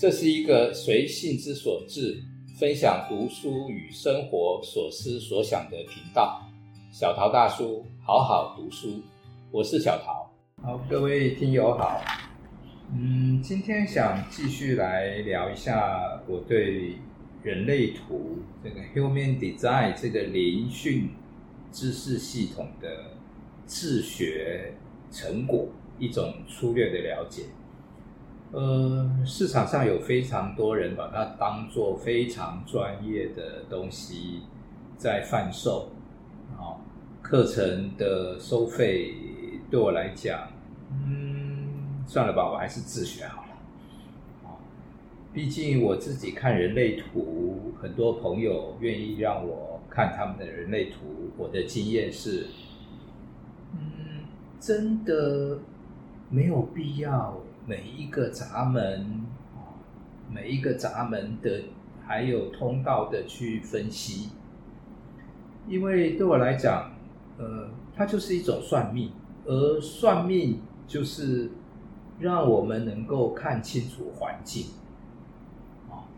這是一個隨性之所至，分享讀書與生活所思所想的頻道。小陶大叔，好好讀書，我是小陶。好，各位聽友好。嗯，今天想繼續來聊一下我對《人類圖》這個 Human Design 這個聆訊知識系統的自學成果，一種粗略的了解。呃，市場上有非常多人把它當做非常專業的東西在販售，好，哦，課程的收費對我來講，嗯，算了吧，我還是自學好了，哦，畢竟我自己看人類圖，很多朋友願意讓我看他們的人類圖，我的經驗是，嗯，真的沒有必要。每一個閘門，每一個閘門的，還有通道的去分析，因為對我來講，呃，它就是一種算命，而算命就是讓我們能夠看清楚環境。啊，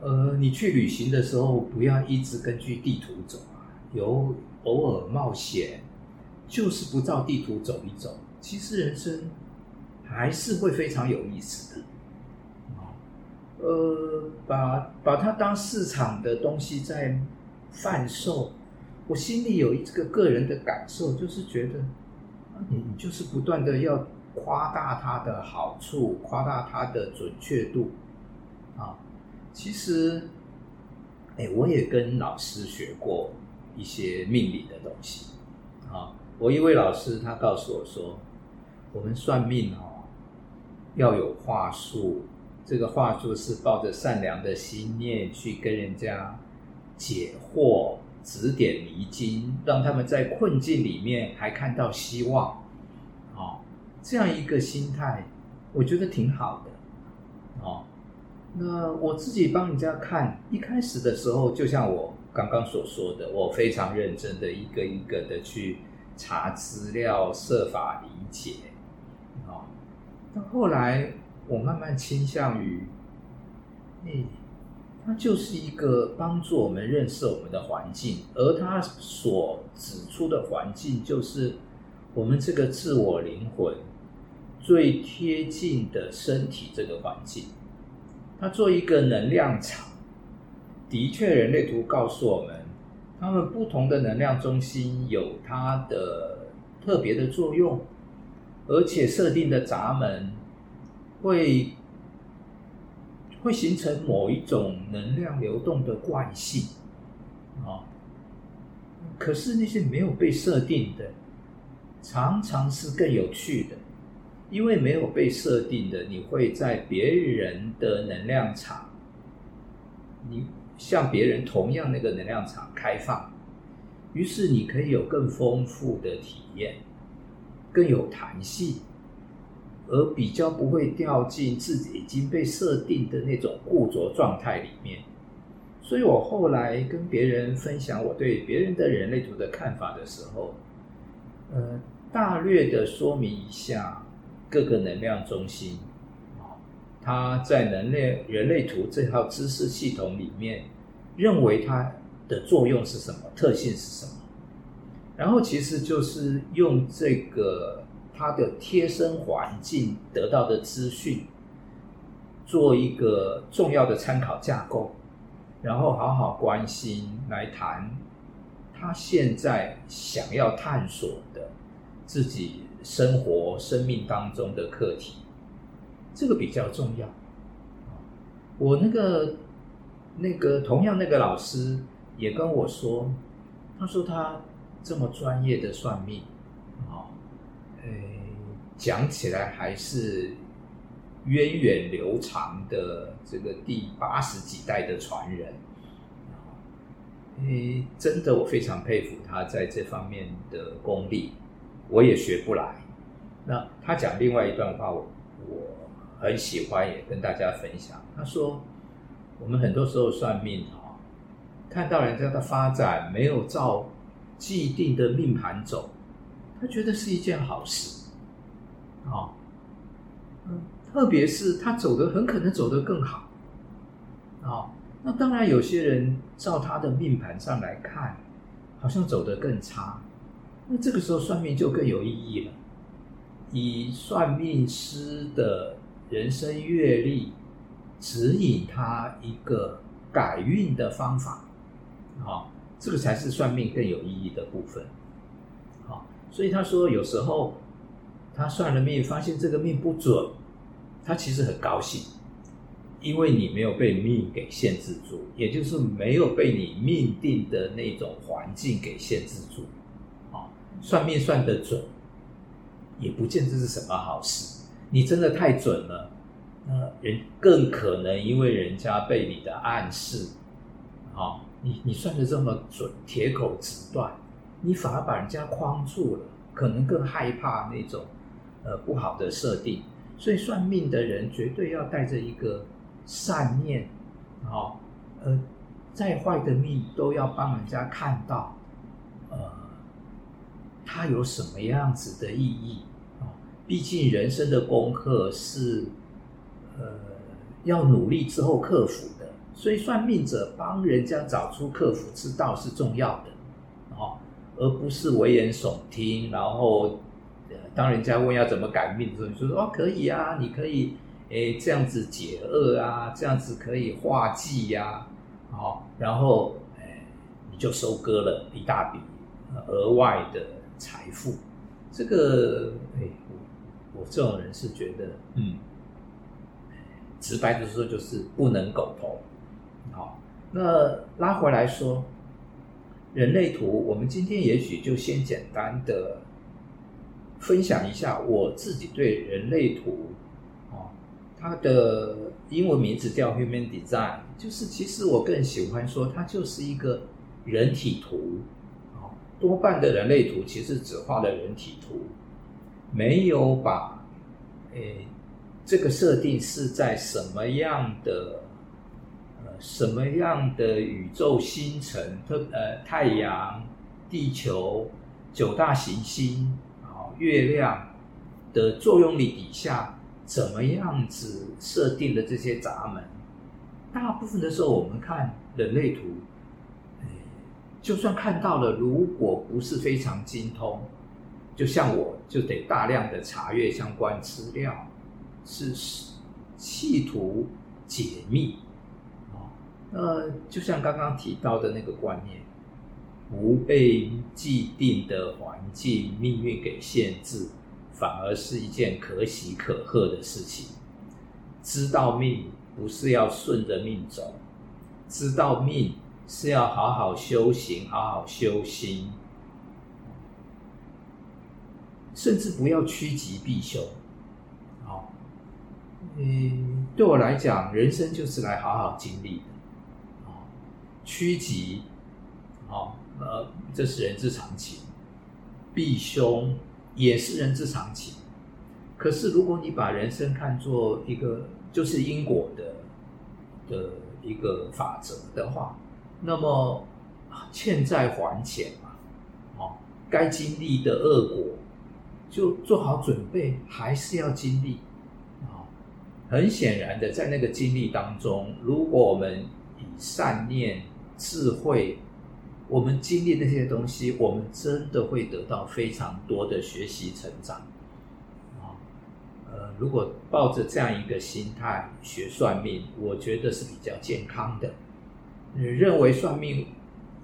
呃，你去旅行的時候，不要一直根據地圖走啊，有偶爾冒險，就是不照地圖走一走，其實人生。還是會非常有意思的，啊、哦，呃，把把它當市場的東西在販售，我心裡有一個個人的感受，就是覺得，你、嗯、你就是不斷的要誇大它的好處，誇大它的準確度，啊、哦，其實，哎，我也跟老師學過一些命理的東西，啊、哦，我一位老師他告訴我說，我們算命哦。要有話術，這個話術是抱着善良的心念去跟人家解惑、指點迷津，讓他們在困境裡面還看到希望。哦，這樣一個心態，我覺得挺好的。哦，那我自己幫人家看，一開始的時候，就像我剛剛所說的，我非常認真的一個一個的去查資料，設法理解。到後來，我慢慢傾向於，欸，它就是一個幫助我們認識我們的環境，而它所指出的環境，就是我們這個自我靈魂最貼近的身體這個環境。它做一個能量場，的確，人類圖告訴我們，他們不同的能量中心有它的特別的作用。而且設定的閘門，會會形成某一種能量流動的慣性，啊，可是那些沒有被設定的，常常是更有趣的，因為沒有被設定的，你會在別人的能量場，你向別人同樣那個能量場開放，於是你可以有更豐富的體驗。更有彈性，而比較不會掉進自己已經被設定的那種固着狀態裡面。所以我後來跟別人分享我對別人的“人類圖”的看法的時候，呃，大略地說明一下各個能量中心啊，它在能量人類圖這套知識系統裡面，認為它的作用是什麼，特性是什麼。然後其實就是用這個他的貼身環境得到的資訊，做一個重要的參考架構，然後好好關心來談他現在想要探索的自己生活生命當中的課題，這個比較重要。我那個那個同樣那個老師也跟我說，他說他。這麼專業的算命，啊，哦，誒，講起來還是源遠流長的這個第八十幾代的傳人，哦，誒，真的我非常佩服他在這方面的功力，我也學不來。那他講另外一段話我，我我很喜歡，也跟大家分享。他說，我們很多時候算命啊，哦，看到人家的發展沒有照，既定的命盤走，他覺得是一件好事，啊、哦嗯，特別是他走的很可能走得更好，啊、哦，那當然有些人照他的命盤上來看，好像走得更差，那這個時候算命就更有意義了，以算命師的人生閱歷指引他一個改運的方法，啊、哦。這個才是算命更有意義的部分，好，所以他說有時候他算了命，發現這個命不準，他其實很高興，因為你沒有被命給限制住，也就是沒有被你命定的那種環境給限制住。好，算命算得準，也不見得是什麼好事。你真的太準了，那人更可能因為人家被你的暗示，好。你你算的這麼準，鐵口直斷，你反而把人家框住了，可能更害怕那種，呃，不好的設定。所以算命的人絕對要帶着一個善念，哦，呃，再壞的命都要幫人家看到，呃，他有什麼樣子的意義啊，哦，畢竟人生的功課是，呃，要努力之後克服。所以算命者幫人家找出克服之道是重要的，哦，而不是危言聳聽。然後，當人家問要怎麼改命的時候，你說：“哦，可以啊，你可以，誒，這樣子解厄啊，這樣子可以化忌呀，哦，然後，哎，你就收割了一大筆額外的財富。”這個，哎，我我這種人是覺得，嗯，直白的說就是不能苟同。好，那拉回來說，人類圖，我們今天也許就先簡單的分享一下我自己對人類圖，啊，它的英文名字叫 Human Design，就是其實我更喜歡說它就是一個人體圖，啊，多半的人類圖其實只畫了人體圖，沒有把，誒，這個設定是在什麼樣的？什麼樣的宇宙星辰、特、呃，太陽、地球、九大行星、啊、哦，月亮的作用力底下，怎麼樣子設定的這些閘門？大部分的時候，我們看人類圖，哎、就算看到了，如果不是非常精通，就像我就得大量的查閱相關資料，是企圖解密。呃，就像剛剛提到的那個觀念，不被既定的環境命運給限制，反而是一件可喜可賀的事情。知道命不是要順着命走，知道命是要好好修行、好好修心，甚至不要趨吉避凶。好，哦，嗯，對我來講，人生就是來好好經歷。趨吉，好、哦，呃，這是人之常情；避凶也是人之常情。可是，如果你把人生看作一個就是因果的的一個法則的話，那麼欠債還錢嘛，好、哦，該經歷的惡果就做好準備，還是要經歷。啊、哦，很顯然的，在那個經歷當中，如果我們以善念。智慧，我們經歷那些東西，我們真的會得到非常多的學習成長。啊、哦，呃，如果抱着這樣一個心態學算命，我覺得是比較健康的。你、呃、認為算命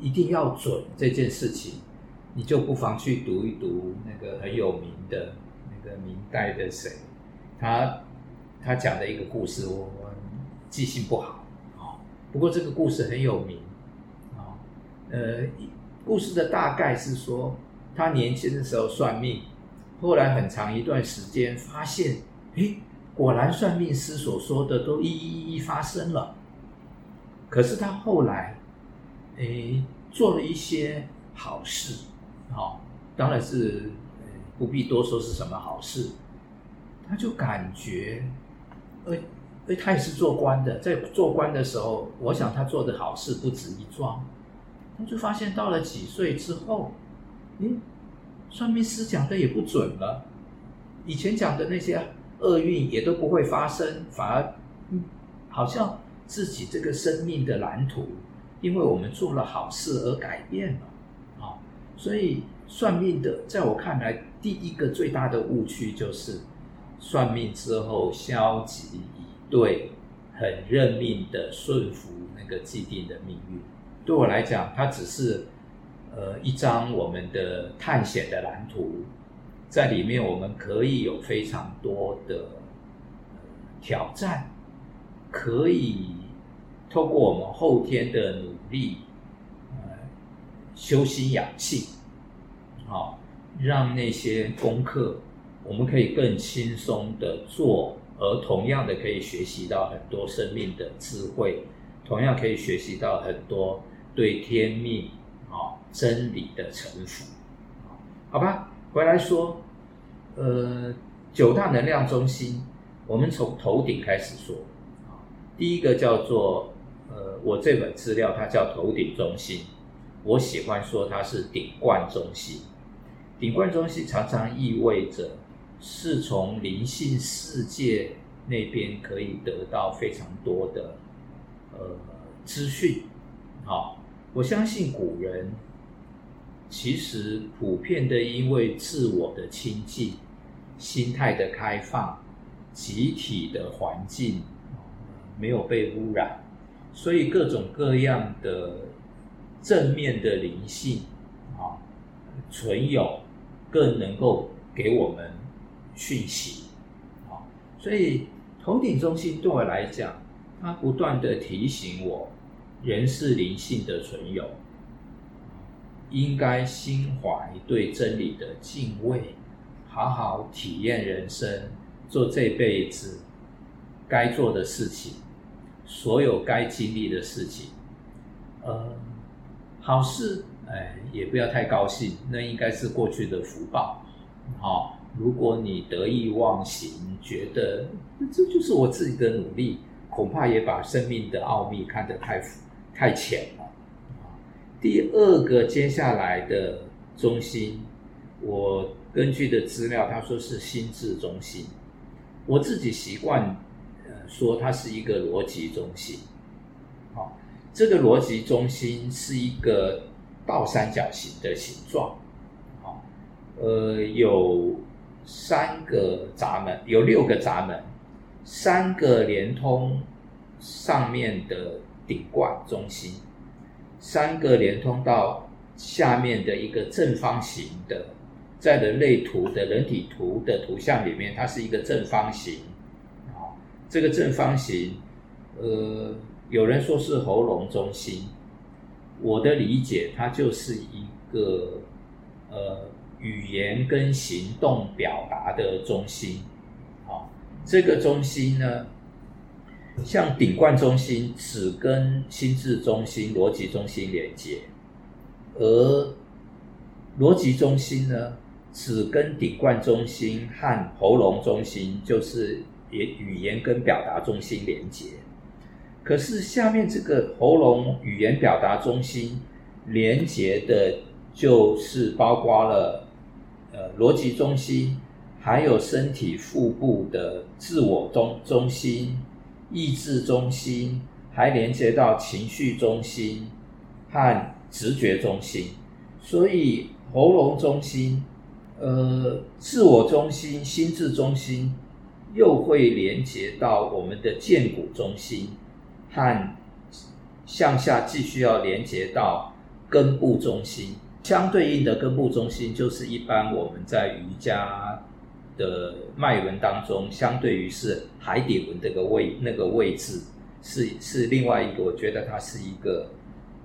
一定要準這件事情，你就不妨去讀一讀那個很有名的那個明代的誰，他他講的一個故事，我，我記性不好，啊、哦，不過這個故事很有名。呃，故事的大概是說，他年輕的時候算命，後來很長一段時間發現，誒、欸，果然算命師所說的都一一一一發生了。可是他後來，誒、欸，做了一些好事，好、哦，當然是、欸、不必多說是什麼好事。他就感覺，呃、欸，誒、欸，他也是做官的，在做官的時候，我想他做的好事不止一樁。他就發現到了幾歲之後，嗯，算命師講的也不準了，以前講的那些厄運也都不會發生，反而，嗯，好像自己這個生命的藍圖，因為我們做了好事而改變了，啊，哦，所以算命的在我看來，第一個最大的誤區就是，算命之後消極以對，很認命的順服那個既定的命運。對我來講，它只是，呃，一張我們的探險的藍圖，在裡面我們可以有非常多的挑戰，可以透過我們後天的努力，呃，修心養氣，好、哦，讓那些功課我們可以更輕鬆的做，而同樣的可以學習到很多生命的智慧，同樣可以學習到很多。對天命，啊，哦，真理的臣服，好吧，回來說，呃，九大能量中心，我們從頭頂開始說，哦，第一個叫做，呃，我這本資料它叫頭頂中心，我喜歡說它是頂冠中心，頂冠中心常常意味着是從靈性世界那邊可以得到非常多的，呃，資訊，哦我相信古人其實普遍的，因為自我的清淨、心態的開放、集體的環境沒有被污染，所以各種各樣的正面的靈性啊，存有更能夠給我們訊息。啊，所以頭頂中心對我來講，它不斷地提醒我。人是靈性的存有，應該心懷對真理的敬畏，好好體驗人生，做這輩子該做的事情，所有該經歷的事情。呃、嗯，好事，哎，也不要太高興，那應該是過去的福報。好，哦，如果你得意忘形，覺得這就是我自己的努力，恐怕也把生命的奧秘看得太膚，太淺了。第二個，接下來的中心，我根據的資料，他說是心智中心。我自己習慣，呃，說它是一個邏輯中心。好，這個邏輯中心是一個倒三角形的形狀。好，呃，有三個閘門，有六個閘門，三個連通上面的。頂冠中心，三個連通到下面的一個正方形的，在人類圖的人體圖的圖像裡面，它是一個正方形，哦。這個正方形，呃，有人說是喉嚨中心，我的理解，它就是一個呃語言跟行動表達的中心。好，哦，這個中心呢，像頂冠中心只跟心智中心、邏輯中心連接，而邏輯中心呢，只跟頂冠中心和喉嚨中心，就是也語言跟表達中心連接。可是下面這個喉嚨語言表達中心連接的，就是包括了呃邏輯中心，還有身體腹部的自我中中心。意志中心還連接到情緒中心和直覺中心，所以喉嚨中心、呃自我中心、心智中心又會連接到我們的薦骨中心，和向下繼續要連接到根部中心。相對應的根部中心就是一般我們在瑜伽。的脈輪當中，相對於是海底輪這個位那個位置是，是是另外一個，我覺得它是一個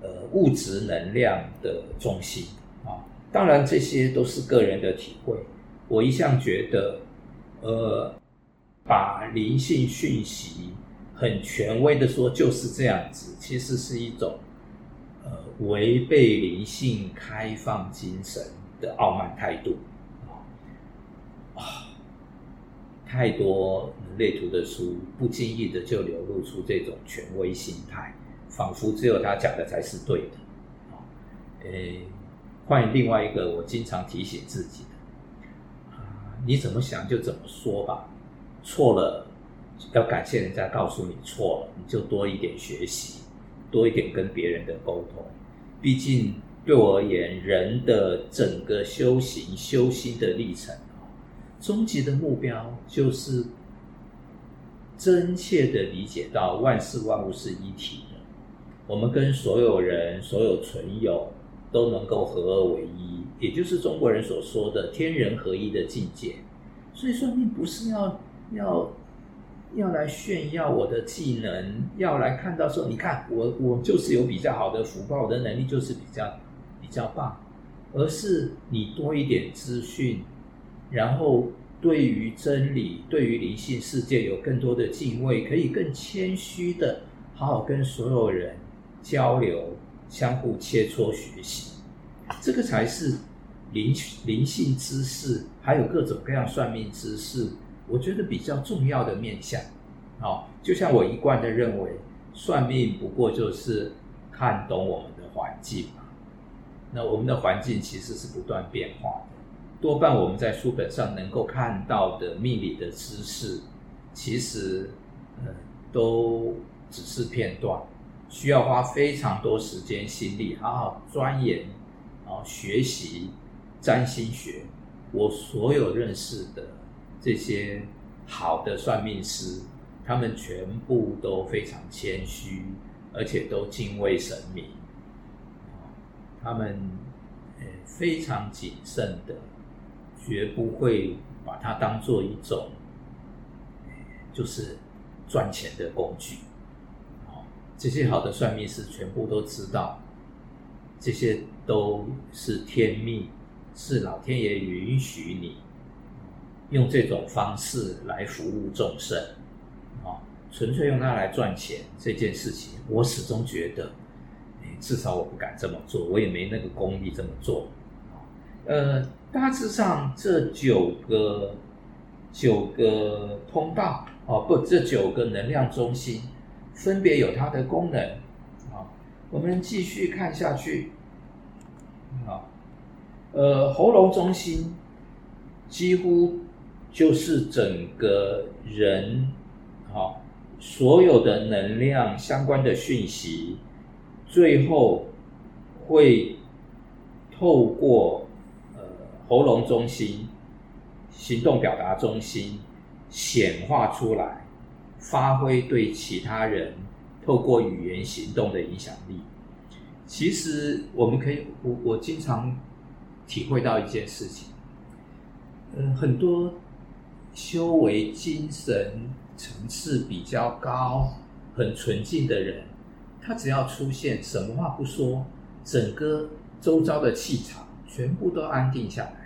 呃物質能量的中心啊。當然這些都是個人的體會。我一向覺得，呃，把靈性訊息很權威的說就是這樣子，其實是一種呃違背靈性開放精神的傲慢態度。太多類圖的書，不經意的就流露出這種權威心態，仿佛只有他講的才是對的。呃、欸，換另外一個，我經常提醒自己的、呃、你怎麼想就怎麼說吧，錯了要感謝人家告訴你錯了，你就多一點學習，多一點跟別人的溝通。畢竟對我而言，人的整個修行修心的歷程。終極的目標就是真切的理解到萬事萬物是一體的，我們跟所有人、所有存有都能夠合二為一，也就是中國人所說的天人合一的境界。所以說你不是要要要來炫耀我的技能，要來看到說你看我我就是有比較好的福報，我的能力就是比較比較棒，而是你多一點資訊。然後，對於真理，對於靈性世界，有更多的敬畏，可以更謙虛的，好好跟所有人交流，相互切磋學習，這個才是靈靈性知識，還有各種各樣算命知識，我覺得比較重要的面向。哦，就像我一貫的認為，算命不過就是看懂我們的環境嘛。那我們的環境其實是不斷變化的。多半我們在書本上能夠看到的命理的知識，其實，呃，都只是片段，需要花非常多時間心力好好鑽研，然後、哦、學習占星學。我所有認識的這些好的算命師，他們全部都非常謙虛，而且都敬畏神明，哦、他們呃非常謹慎的。絕不會把它當做一種，就是賺錢的工具。這些好的算命師全部都知道，這些都是天命，是老天爺允許你用這種方式來服務眾生。啊，純粹用它來賺錢這件事情，我始終覺得、哎，至少我不敢這麼做，我也沒那個功力這麼做。呃。大致上，這九個九個通道哦，不，這九個能量中心分別有它的功能。好，哦，我們繼續看下去。好，哦，呃，喉嚨中心幾乎就是整個人好，哦，所有的能量相關的訊息，最後會透過。喉嚨中心、行動表達中心顯化出來，發揮對其他人透過語言行動的影響力。其實我們可以，我我經常體會到一件事情，嗯，很多修為精神層次比較高、很純淨的人，他只要出現，什麼話不說，整個周遭的氣場全部都安定下來。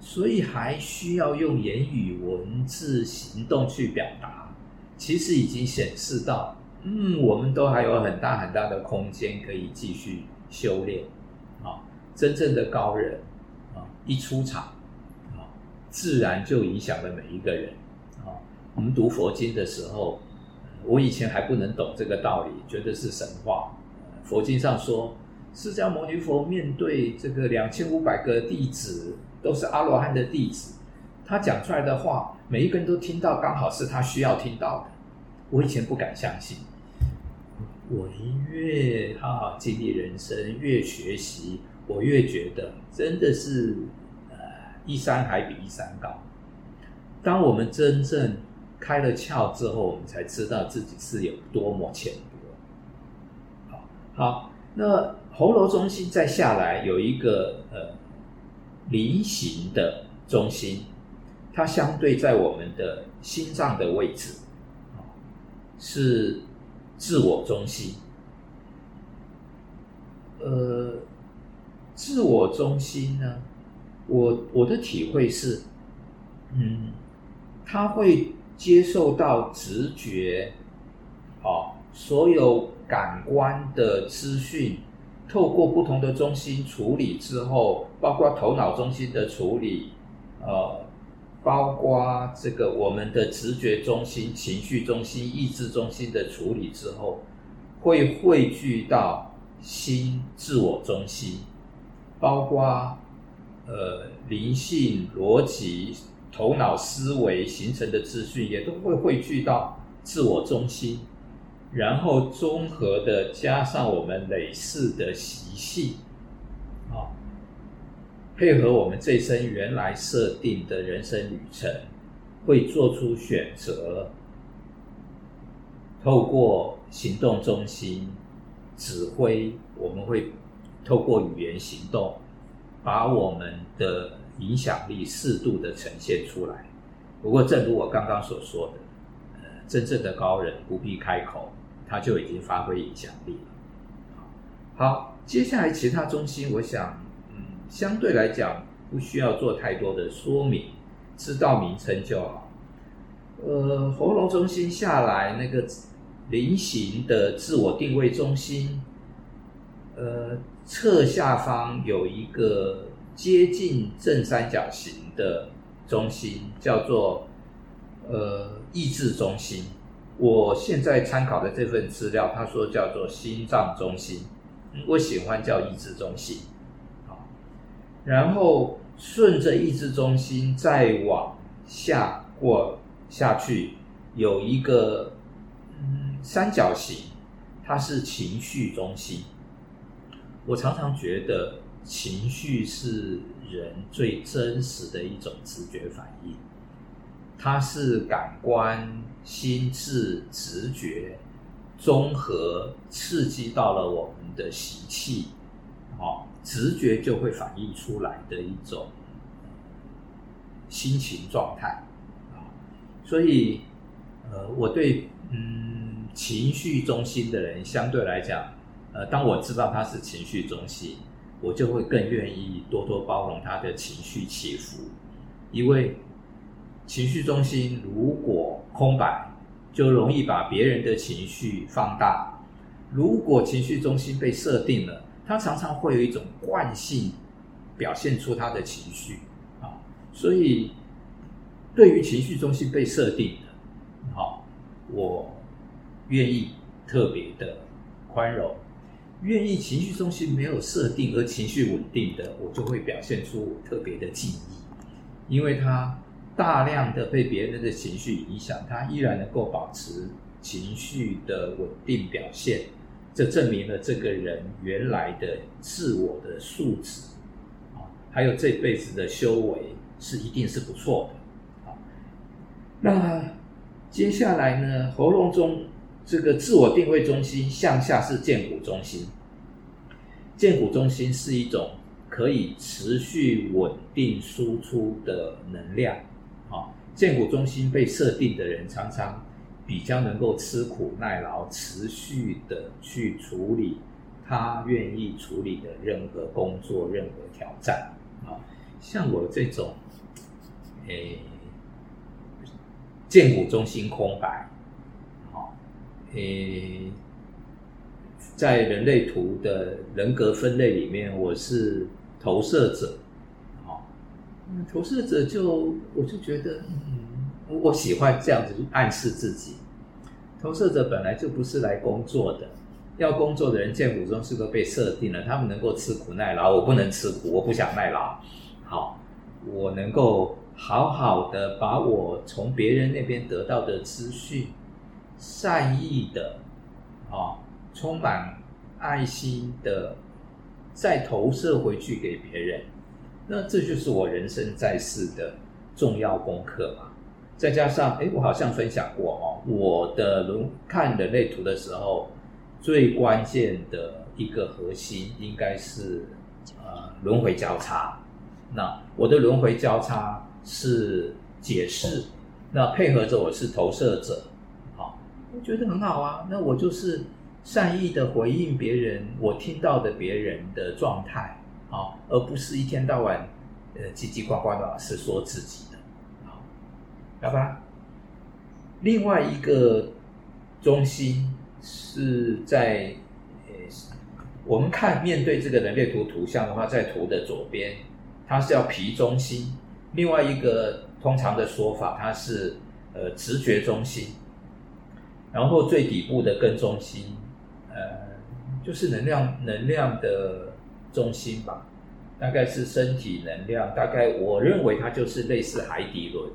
所以還需要用言語、文字、行動去表達。其實已經顯示到，嗯，我們都還有很大很大的空間可以繼續修煉。啊，真正的高人啊，一出場，啊，自然就影響了每一個人。啊，我們讀佛經的時候，我以前還不能懂這個道理，覺得是神話。佛經上說，釋迦牟尼佛面對這個兩千五百個弟子，都是阿羅漢的弟子，他講出來的話，每一個人都聽到，剛好是他需要聽到的。我以前不敢相信，我越好好經歷人生，越學習，我越覺得真的是，呃，一山還比一山高。當我們真正開了竅之後，我們才知道自己是有多麼淺薄。好，好，那喉嚨中心再下來有一個呃。菱形的中心，它相對在我們的心臟的位置，是自我中心。呃，自我中心呢，我我的體會是，嗯，它會接受到直覺，啊、哦，所有感官的資訊，透過不同的中心處理之後。包括頭腦中心的處理，呃，包括這個我們的直覺中心、情緒中心、意志中心的處理之後，會匯聚到心自我中心，包括呃靈性、邏輯、頭腦思維形成的資訊也都會匯聚到自我中心，然後綜合的加上我們累世的習性。配合我們這一生原來設定的人生旅程，會做出選擇。透過行動中心指揮，我們會透過語言行動，把我們的影響力適度地呈現出來。不過，正如我剛剛所說的，真正的高人不必開口，他就已經發揮影響力了。好，接下來其他中心，我想。相對來講，不需要做太多的說明，知道名稱就好。呃，喉嚨中心下來那個菱形的自我定位中心，呃，側下方有一個接近正三角形的中心，叫做呃意志中心。我現在參考的這份資料，他說叫做心臟中心，我喜歡叫意志中心。然後順着意志中心再往下過下去，有一個嗯三角形，它是情緒中心。我常常覺得，情緒是人最真實的一種直覺反應，它是感官、心智、直覺綜合刺激到了我們的習氣，好。直覺就會反映出來的一種心情狀態啊，所以呃，我對嗯情緒中心的人相對來講，呃，當我知道他是情緒中心，我就會更願意多多包容他的情緒起伏，因為情緒中心如果空白，就容易把別人的情緒放大，如果情緒中心被設定了，他常常會有一種慣性，表現出他的情緒啊，所以對於情緒中心被設定的，好，我願意特別的寬容，願意情緒中心沒有設定而情緒穩定的，我就會表現出我特別的敬意，因為他大量的被別人的情緒影響，他依然能夠保持情緒的穩定表現。這證明了這個人原來的自我的素質還有這輩子的修為是一定是不錯的啊。那接下來呢？喉嚨中這個自我定位中心向下是薦骨中心，薦骨中心是一種可以持續穩定輸出的能量啊。薦骨中心被設定的人常常。比較能夠吃苦耐勞，持續的去處理他願意處理的任何工作，任何挑戰啊。像我這種，誒、欸，薦骨中心空白，好，誒，在人類圖的人格分類裡面，我是投射者，哦、欸，投射者就我就覺得，嗯，我喜歡這樣子暗示自己。投射者本來就不是來工作的，要工作的人薦骨中是不是被設定了，他們能夠吃苦耐勞，我不能吃苦，我不想耐勞。好，我能夠好好的把我從別人那邊得到的資訊，善意的，啊、哦，充滿愛心的，再投射回去給別人，那這就是我人生在世的重要功課嘛。再加上，誒，我好像分享過哦，我的輪，看人類圖的時候，最關鍵的一個核心應該是，呃，輪迴交叉。那我的輪迴交叉是解釋，那配合着我是投射者，好、哦，我覺得很好啊。那我就是善意的回應別人，我聽到的別人的狀態，好、哦，而不是一天到晚，呃，嘰嘰呱呱的老是說自己。好吧，另外一個中心是在，呃、欸，我們看面對這個人類圖圖像的話，在圖的左邊，它是要脾中心；另外一個通常的說法，它是呃直覺中心，然後最底部的根中心，呃，就是能量能量的中心吧，大概是身體能量，大概我認為它就是類似海底輪。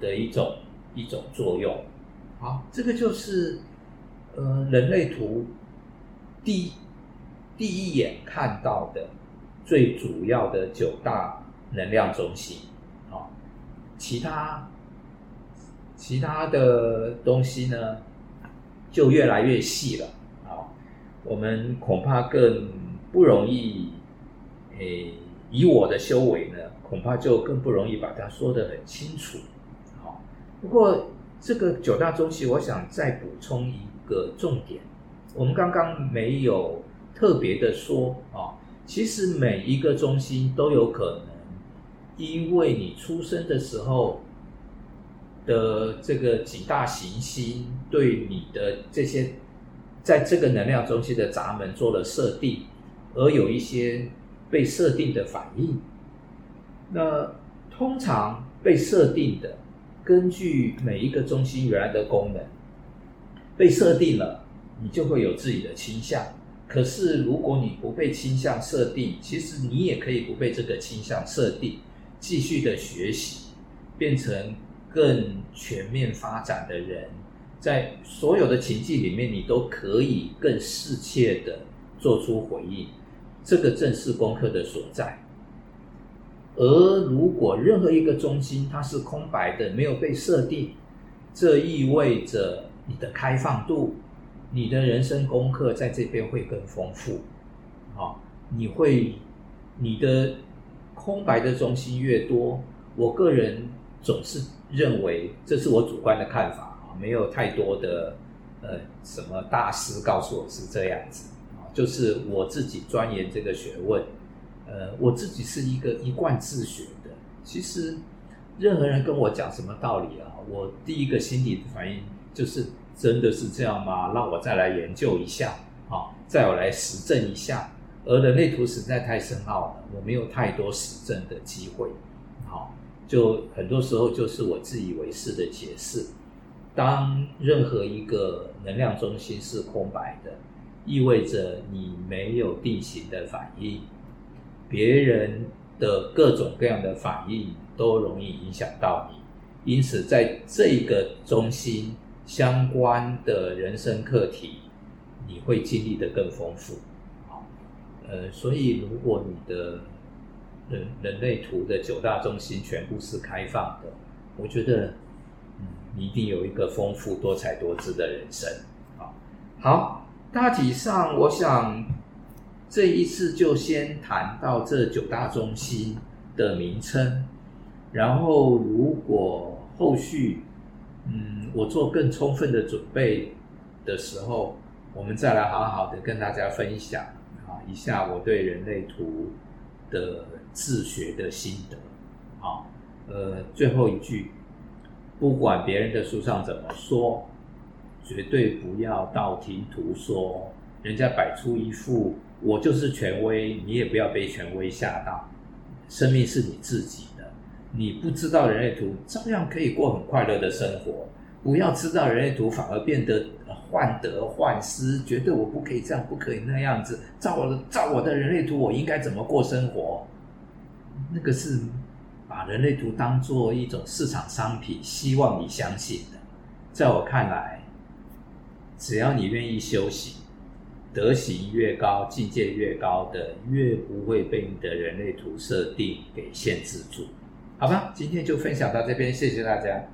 的一種一種作用，好，這個就是呃人類圖第一第一眼看到的最主要的九大能量中心，好，其他其他的東西呢，就越來越細了，啊，我們恐怕更不容易，誒，以我的修為呢，恐怕就更不容易把它說得很清楚。不過，這個九大中心，我想再補充一個重點。我們剛剛沒有特別的說啊，其實每一個中心都有可能，因為你出生的時候的這個幾大行星對你的這些在這個能量中心的閘門做了設定，而有一些被設定的反應。那通常被設定的。根據每一個中心原來的功能被設定了，你就會有自己的傾向。可是如果你不被傾向設定，其實你也可以不被這個傾向設定，繼續的學習，變成更全面發展的人。在所有的情境裡面，你都可以更適切的做出回應。這個正是功課的所在。而如果任何一個中心它是空白的，沒有被設定，這意味着你的開放度，你的人生功課在這邊會更豐富。啊，你會你的空白的中心越多，我個人總是認為，這是我主觀的看法啊，沒有太多的呃什麼大師告訴我是這樣子，就是我自己鑽研這個學問。呃，我自己是一個一貫自學的。其實，任何人跟我講什麼道理啊，我第一個心理反應就是：真的是這樣嗎？讓我再來研究一下好、哦，再我來實證一下。而人類圖實在太深奧了，我沒有太多實證的機會。好、哦，就很多時候就是我自以為是的解釋。當任何一個能量中心是空白的，意味着你沒有定型的反應。別人的各種各樣的反應都容易影響到你，因此在這個中心相關的人生課題，你會經歷的更豐富。呃，所以如果你的人人類圖的九大中心全部是開放的，我覺得，嗯，你一定有一個豐富多彩多姿的人生。啊，好，大體上我想。這一次就先談到這九大中心的名稱，然後如果後續，嗯，我做更充分的準備的時候，我們再來好好的跟大家分享啊一下我對人類圖的自學的心得。好，啊，呃，最後一句，不管別人的書上怎麼說，絕對不要道聽途說，人家擺出一副。我就是權威，你也不要被權威嚇到。生命是你自己的，你不知道人類圖，照樣可以過很快樂的生活。不要知道人類圖，反而變得患得患失，覺得我不可以這樣，不可以那樣子。照我的，照我的人類圖，我應該怎麼過生活？那個是把人類圖當做一種市場商品，希望你相信的。在我看來，只要你願意休息。德行越高，境界越高的，越不會被你的人類圖設定給限制住。好吧，今天就分享到這邊，謝謝大家。